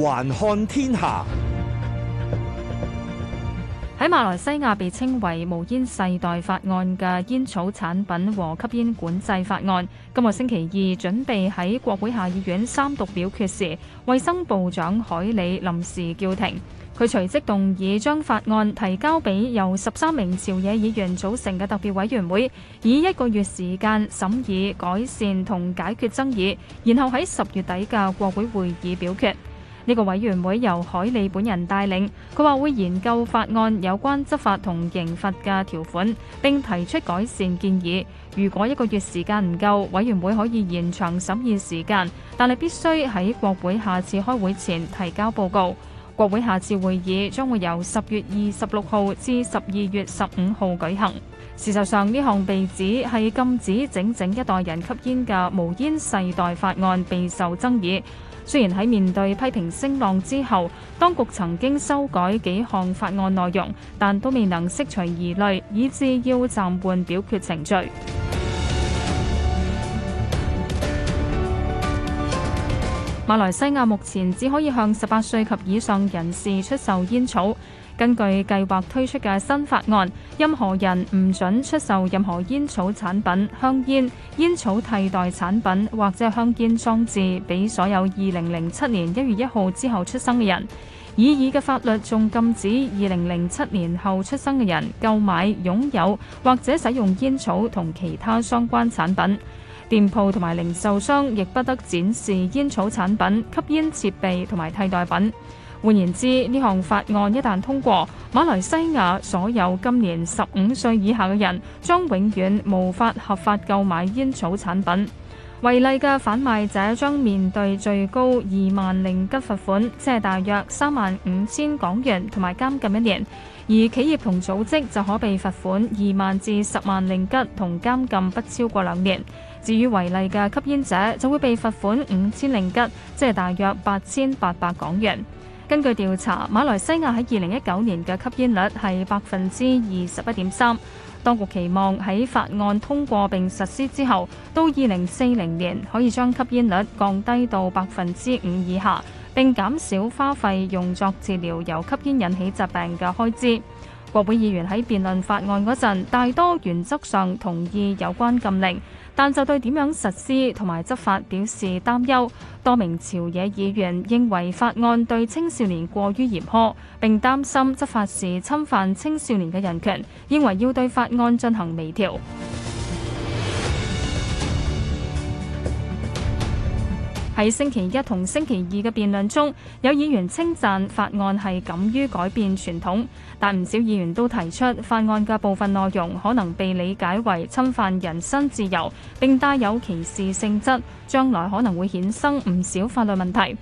環看天下。喺馬來西亞被稱為無煙世代法案嘅煙草產品和吸煙管制法案，今日星期二準備喺國會下議院三讀表決時，衞生部長凱里臨時叫停。佢隨即動議將法案提交俾由十三名朝野議員組成嘅特別委員會，以一個月時間審議改善同解決爭議，然後喺十月底嘅國會會議表決。呢個委員會由凱里本人帶領，佢話會研究法案有關執法同刑罰嘅條款，並提出改善建議。如果一個月時間唔夠，委員會可以延長審議時間，但係必須喺國會下次開會前提交報告。國會下次會議將會由十月二十六號至十二月十五號舉行。事實上，呢項被指係禁止整整一代人吸煙嘅無煙世代法案，備受爭議。雖然喺面對批評聲浪之後，當局曾經修改幾項法案內容，但都未能釋除疑慮，以致要暫緩表決程序。馬來西亞目前只可以向十八歲及以上人士出售煙草。根據計劃推出嘅新法案，任何人唔准出售任何煙草產品、香煙、煙草替代產品或者香煙裝置俾所有二零零七年一月一號之後出生嘅人。以爾嘅法律仲禁止二零零七年後出生嘅人購買、擁有或者使用煙草同其他相關產品。店鋪同埋零售商亦不得展示煙草產品、吸煙設備同埋替代品。換言之，呢項法案一旦通過，馬來西亞所有今年十五歲以下嘅人將永遠無法合法購買煙草產品。違例嘅販賣者將面對最高二萬令吉罰款，即係大約三萬五千港元，同埋監禁一年；而企業同組織就可被罰款二萬至十萬令吉，同監禁不超過兩年。至於違例嘅吸煙者，就會被罰款五千令吉，即係大約八千八百港元。根據調查，馬來西亞喺二零一九年嘅吸煙率係百分之二十一點三。當局期望喺法案通過並實施之後，到二零四零年可以將吸煙率降低到百分之五以下，並減少花費用作治療由吸煙引起疾病嘅開支。國會議員喺辯論法案嗰陣，大多原則上同意有關禁令。但就對點樣實施同埋執法表示擔憂，多名朝野議員認為法案對青少年過於嚴苛，並擔心執法時侵犯青少年嘅人權，認為要對法案進行微調。喺星期一同星期二嘅辯論中，有議員稱讚法案係敢於改變傳統，但唔少議員都提出，法案嘅部分內容可能被理解為侵犯人身自由，並帶有歧視性質，將來可能會衍生唔少法律問題。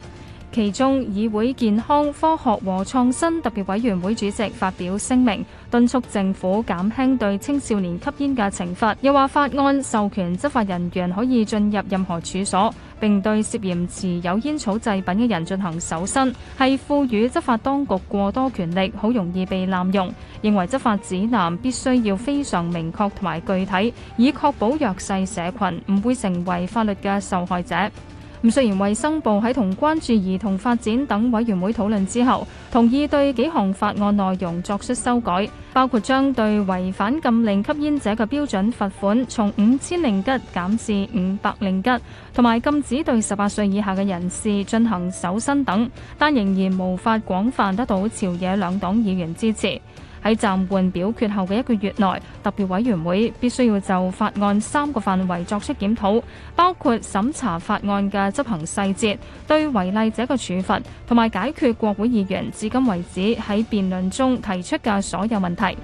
其中，議會健康、科學和創新特別委員會主席發表聲明，敦促政府減輕對青少年吸煙嘅懲罰，又話法案授權執法人員可以進入任何處所，並對涉嫌持有煙草製品嘅人進行搜身，係賦予執法當局過多權力，好容易被濫用。認為執法指南必須要非常明確同埋具體，以確保弱勢社群唔會成為法律嘅受害者。咁雖然衛生部喺同關注兒童發展等委員會討論之後，同意對幾項法案內容作出修改，包括將對違反禁令吸煙者嘅標準罰款從五千零吉減至五百零吉，同埋禁止對十八歲以下嘅人士進行搜身等，但仍然無法廣泛得到朝野兩黨議員支持。喺暫緩表決後嘅一個月內，特別委員會必須要就法案三個範圍作出檢討，包括審查法案嘅執行細節、對違例者嘅處罰，同埋解決國會議員至今為止喺辯論中提出嘅所有問題。